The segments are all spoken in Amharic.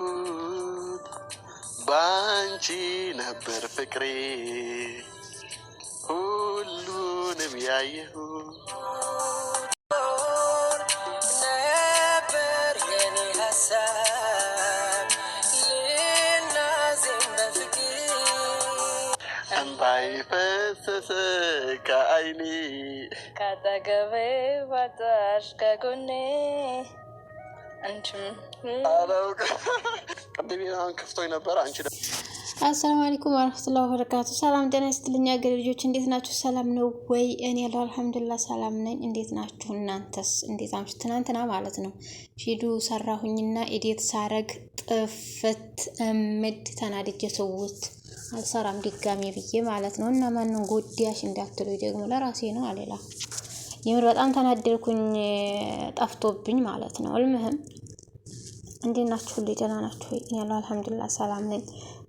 ያልኩት ባንቺ ነበር ፍቅሬ ሁሉንም ያየሁ ነበር የኔ ሀሳብ ልናዜም በፍቅር እንባይ ከአይኔ ባጣሽ ከጎኔ አሰላሙ አለይኩም ወረህመቱላሂ ወበረካቱ። ሰላም ጤና ይስጥልኝ አገሬ ልጆች እንዴት ናችሁ? ሰላም ነው ወይ? እኔ ያለው አልሐምዱሊላህ ሰላም ነኝ። እንዴት ናችሁ እናንተስ? እንዴት አምሽ? ትናንትና ማለት ነው ሂዱ ሰራሁኝና ኢዴት ሳረግ ጥፍት እምድ ተናድጄ ሰውት አልሰራም ድጋሜ ብዬ ማለት ነው። እና ማንን ጎዳሽ እንዳትሉ ደግሞ ለራሴ ነው አሌላ የምር በጣም ተናደድኩኝ፣ ጠፍቶብኝ ማለት ነው። እልምህም እንዴት ናችሁ? ደህና ናችሁ ያለው አልሐምዱሊላህ፣ ሰላም ነኝ።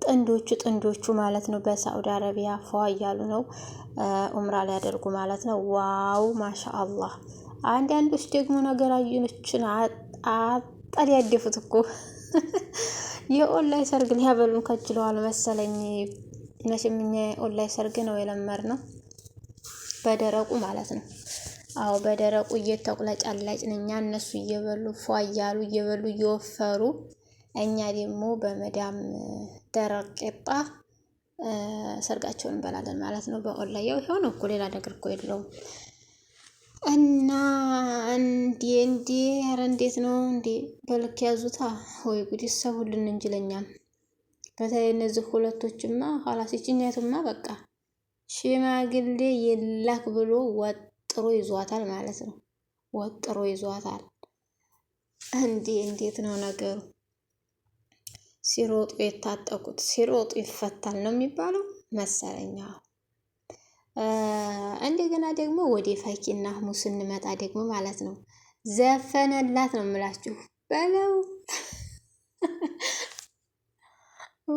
ጥንዶቹ ጥንዶቹ ማለት ነው በሳዑዲ አረቢያ ፏ እያሉ ነው፣ ኡምራ ሊያደርጉ ማለት ነው። ዋው ማሻ አላህ። አንዳንዶች ደግሞ ነገራዮችን አጠል ያደፉት እኮ የኦንላይን ሰርግ ሊያበሉን ከጅለዋል መሰለኝ። መቼም እኛ የኦንላይን ሰርግ ነው የለመድ ነው በደረቁ ማለት ነው። አዎ በደረቁ እየተቁለጨለጭን እኛ እነሱ እየበሉ ፏ እያሉ እየበሉ እየወፈሩ እኛ ደግሞ በመዳም ደረቅ ቄጣ ሰርጋቸውን እንበላለን ማለት ነው። በኦንላይን ያው እኮ ሌላ ነገር እኮ የለውም። እና እንዴ እንዴ ኧረ እንዴት ነው እንዴ በልክ ያዙታ ወይ ጉድ ይሰቡልን እንጅለኛል። በተለይ እነዚህ ሁለቶችማ ኋላ ሲችኛቱማ በቃ ሽማግሌ የላክ ብሎ ወጥ ጥሩ ይዟታል ማለት ነው። ወጥሮ ይዟታል። እንዴ እንዴት ነው ነገሩ? ሲሮጡ የታጠቁት ሲሮጡ ይፈታል ነው የሚባለው መሰለኛ። እንደገና ደግሞ ወደ ፈኪና አህሙ ስንመጣ ደግሞ ማለት ነው ዘፈነላት ነው የምላችሁ በለው።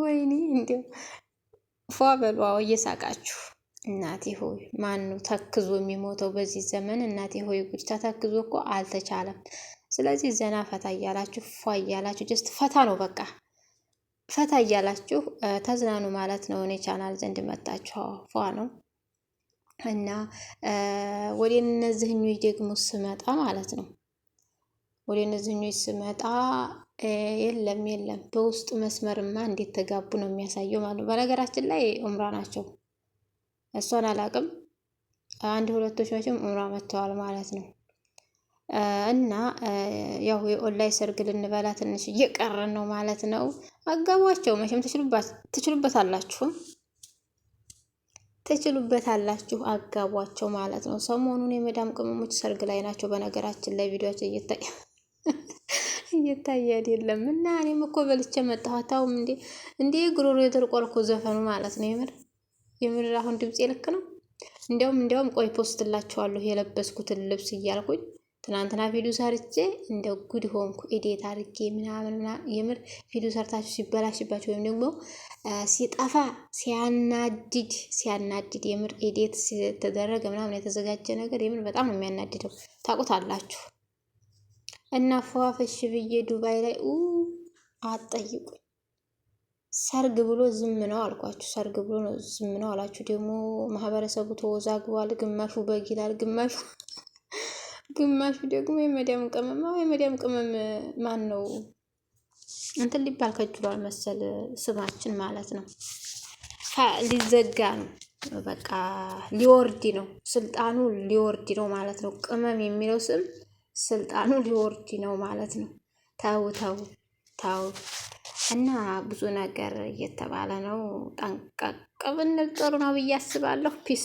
ወይኔ እንዲ ፏ በሏ እየሳቃችሁ እናቴ ሆይ ማን ነው ተክዞ የሚሞተው በዚህ ዘመን? እናቴ ሆይ ጉድ ተተክዞ እኮ አልተቻለም። ስለዚህ ዘና ፈታ እያላችሁ ፏ እያላችሁ ጀስት ፈታ ነው በቃ ፈታ እያላችሁ ተዝናኑ ማለት ነው። እኔ ቻናል ዘንድ መጣችሁ ፏ ነው እና ወደ እነዚህኞች ደግሞ ስመጣ ማለት ነው ወደ እነዚህኞች ስመጣ የለም የለም በውስጡ መስመርማ እንዴት ተጋቡ ነው የሚያሳየው ማለት ነው። በነገራችን ላይ ኡምራ ናቸው እሷን አላቅም። አንድ ሁለቶቻችን ኡምራ መጥተዋል ማለት ነው። እና ያው የኦንላይን ሰርግ ልንበላ ትንሽ እየቀረን ነው ማለት ነው። አጋቧቸው መቼም ትችሉበት አላችሁ ትችሉበት አላችሁ አጋቧቸው ማለት ነው። ሰሞኑን የመዳም ቅመሞች ሰርግ ላይ ናቸው። በነገራችን ላይ ቪዲዮቸው እየታየ አይደለም እና እኔም እኮ በልቼ መጣሁ። ታውም እንዴ እንዴ ጉሮሮ የተርቆልኩ ዘፈኑ ማለት ነው የምር የምር አሁን ድምፅ ልክ ነው? እንዲያውም እንዲያውም ቆይ ፖስት ፖስትላችኋለሁ የለበስኩትን ልብስ እያልኩኝ ትናንትና ቪዲዮ ሰርቼ እንደ ጉድ ሆንኩ። ኤዴት አድርጌ ምናምን የምር ቪዲዮ ሰርታችሁ ሲበላሽባችሁ ወይም ደግሞ ሲጠፋ ሲያናድድ ሲያናድድ የምር ኤዴት ሲተደረገ ምናምን የተዘጋጀ ነገር የምር በጣም ነው የሚያናድደው። አላችሁ እና ፈዋፈሽ ብዬ ዱባይ ላይ አጠይቁኝ ሰርግ ብሎ ዝም ነው አልኳችሁ። ሰርግ ብሎ ነው ዝም ነው አላችሁ። ደግሞ ማህበረሰቡ ተወዛግቧል። ግማሹ በግ ይላል፣ ግማሹ ግማሹ ደግሞ የመዲያም ቅመማ የመዲያም ቅመም ማን ነው እንትን ሊባል ከጅሏል መሰል ስማችን ማለት ነው። ሊዘጋ ነው በቃ ሊወርድ ነው ስልጣኑ ሊወርድ ነው ማለት ነው። ቅመም የሚለው ስም ስልጣኑ ሊወርድ ነው ማለት ነው። ተው ተው ተው። እና ብዙ ነገር እየተባለ ነው። ጠንቀቅ ብንል ጥሩ ነው ብዬ አስባለሁ። ፒስ